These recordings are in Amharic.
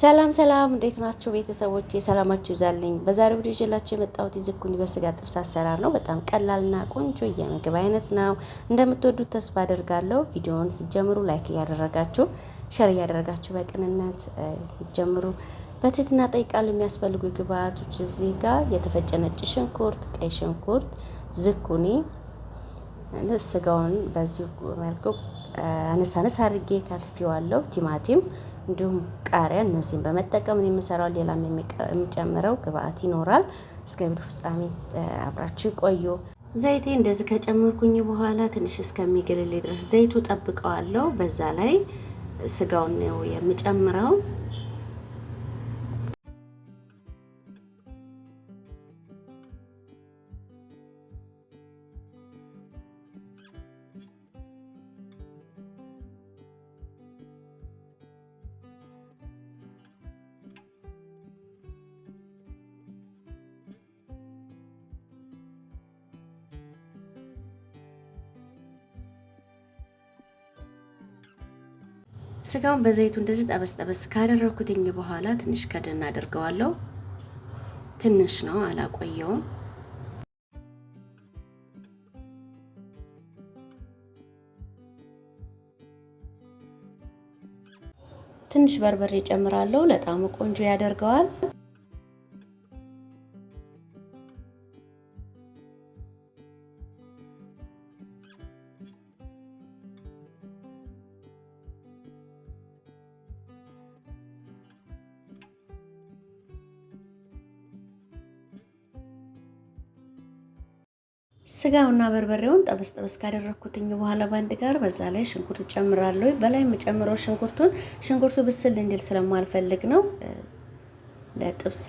ሰላም ሰላም፣ እንዴት ናችሁ ቤተሰቦች? የሰላማችሁ ይብዛልኝ። በዛሬው ቪዲዮ ይዤላችሁ የመጣሁት ይዝኩኒ በስጋ ጥብስ አሰራር ነው። በጣም ቀላልና ቆንጆ የምግብ አይነት ነው። እንደምትወዱት ተስፋ አደርጋለሁ። ቪዲዮውን ሲጀምሩ ላይክ እያደረጋችሁ ሸር እያደረጋችሁ በቅንነት ጀምሩ። በትህትና ጠይቃለሁ። የሚያስፈልጉ ግብአቶች እዚህ ጋር የተፈጨ ነጭ ሽንኩርት፣ ቀይ ሽንኩርት፣ ዝኩኒ ስጋውን በዚህ መልኩ አነሳነስ አድርጌ ካትፊዋለሁ። ቲማቲም እንዲሁም ቃሪያ እነዚህን በመጠቀም የምሰራው ሌላም የሚጨምረው ግብአት ይኖራል። እስከ ቪዲዮ ፍጻሜ አብራችሁ ይቆዩ። ዘይቴ እንደዚህ ከጨመርኩኝ በኋላ ትንሽ እስከሚገልል ድረስ ዘይቱ ጠብቀዋለሁ። በዛ ላይ ስጋውን ነው የምጨምረው። ስጋውን በዘይቱ እንደዚህ ጠበስ ጠበስ ካደረግኩትኝ በኋላ ትንሽ ከደን አድርገዋለሁ። ትንሽ ነው አላቆየውም። ትንሽ በርበሬ ጨምራለሁ። ለጣዕሙ ቆንጆ ያደርገዋል። ስጋውና በርበሬውን ጠበስ ጠበስ ካደረግኩትኝ በኋላ በአንድ ጋር በዛ ላይ ሽንኩርት ጨምራለሁ። በላይ የምጨምረው ሽንኩርቱን ሽንኩርቱ ብስል እንዲል ስለማልፈልግ ነው፣ ለጥብስ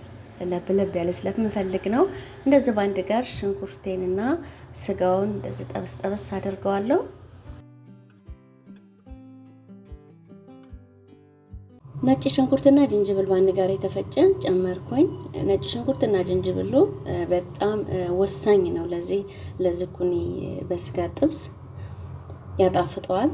ለብለብ ያለ ስለምፈልግ ነው። እንደዚህ በአንድ ጋር ሽንኩርቴንና ስጋውን እንደዚህ ጠበስ ጠበስ አድርገዋለሁ። ነጭ ሽንኩርትና ዝንጅብል ባንድ ጋር የተፈጨ ጨመርኩኝ። ነጭ ሽንኩርትና ዝንጅብሉ በጣም ወሳኝ ነው ለዚህ ለዝኩኒ በስጋ ጥብስ ያጣፍጠዋል።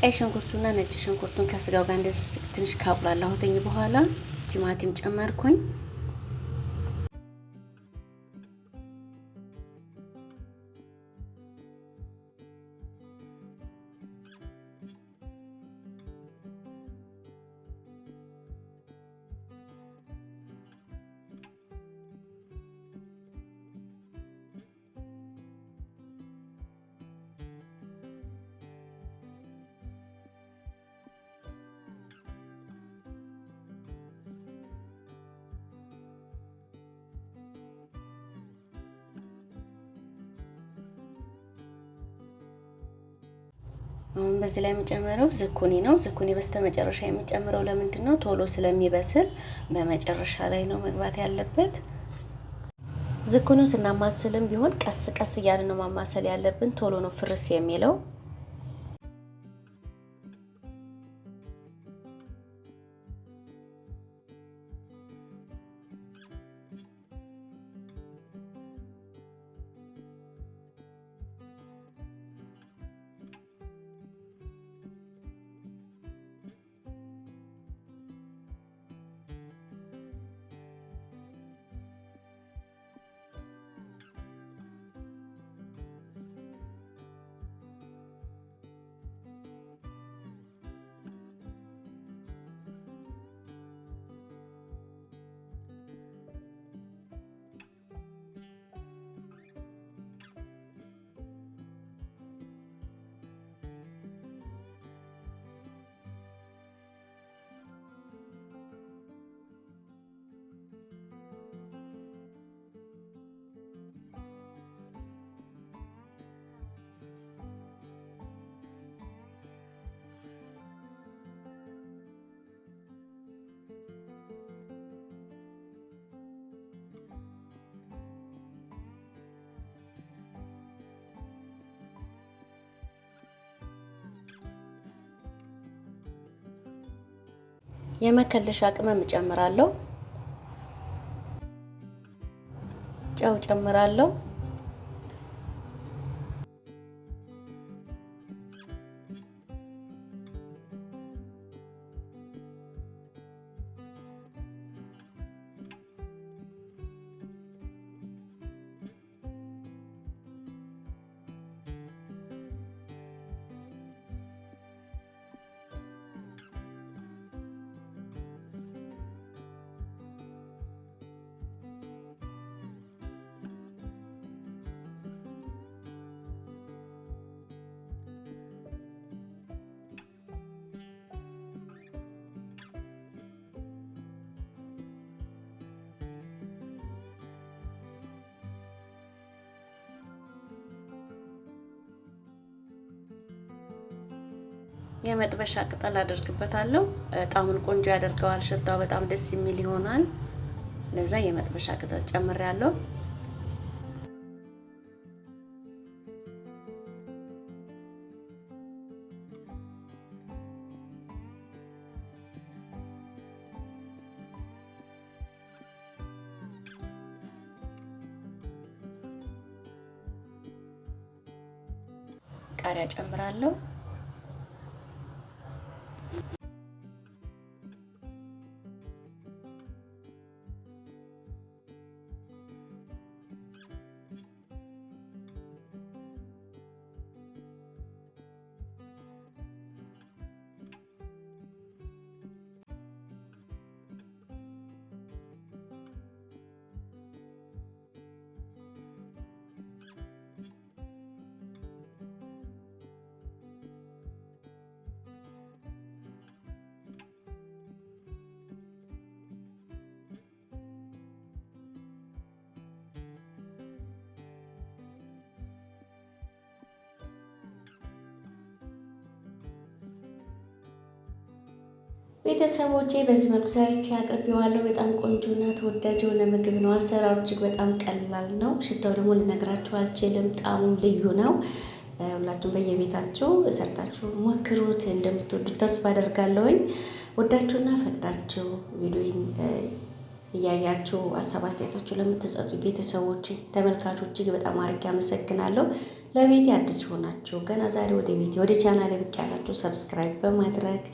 ቀይ ሽንኩርቱና ነጭ ሽንኩርቱን ከስጋው ጋር እንደዚህ ትንሽ ካቁላላሁትኝ በኋላ ቲማቲም ጨመርኩኝ። አሁን በዚህ ላይ የምጨምረው ዝኩኒ ነው። ዝኩኒ በስተ መጨረሻ የምጨምረው ለምንድን ነው? ቶሎ ስለሚበስል በመጨረሻ ላይ ነው መግባት ያለበት። ዝኩኒው ስናማስልም ቢሆን ቀስ ቀስ እያለ ነው ማማሰል ያለብን። ቶሎ ነው ፍርስ የሚለው የመከለሻ ቅመም እጨምራለሁ፣ ጨው ጨምራለሁ። የመጥበሻ ቅጠል አደርግበታለሁ። ጣሙን ቆንጆ ያደርገዋል። ሽታው በጣም ደስ የሚል ይሆናል። ለዛ የመጥበሻ ቅጠል ጨምሬያለሁ። ቃሪያ ጨምራለሁ። ቤተሰቦቼ በዚህ መልኩ ሰርቼ አቅርቤዋለሁ። በጣም ቆንጆና ተወዳጅ የሆነ ምግብ ነው። አሰራሩ እጅግ በጣም ቀላል ነው። ሽታው ደግሞ ልነግራችሁ አልችልም። ጣሙም ልዩ ነው። ሁላችሁም በየቤታችሁ ሰርታችሁ ሞክሩት። እንደምትወዱት ተስፋ አደርጋለሁኝ። ወዳችሁና ፈቅዳችሁ ቪዲዮን እያያችሁ ሀሳብ አስተያየታችሁ ለምትሰጡ ቤተሰቦች፣ ተመልካቾች እጅግ በጣም አድርጌ አመሰግናለሁ። ለቤቴ አዲስ ሆናችሁ ገና ዛሬ ወደ ቤቴ ወደ ቻናል ብቅ ያላችሁ ሰብስክራይብ በማድረግ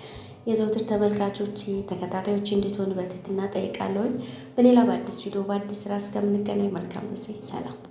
የዘውትር ተመልካቾች ተከታታዮች እንድትሆን በትህትና ጠይቃለሁኝ። በሌላ በአዲስ ቪዲዮ በአዲስ ስራ እስከምንገናኝ መልካም ጊዜ፣ ሰላም።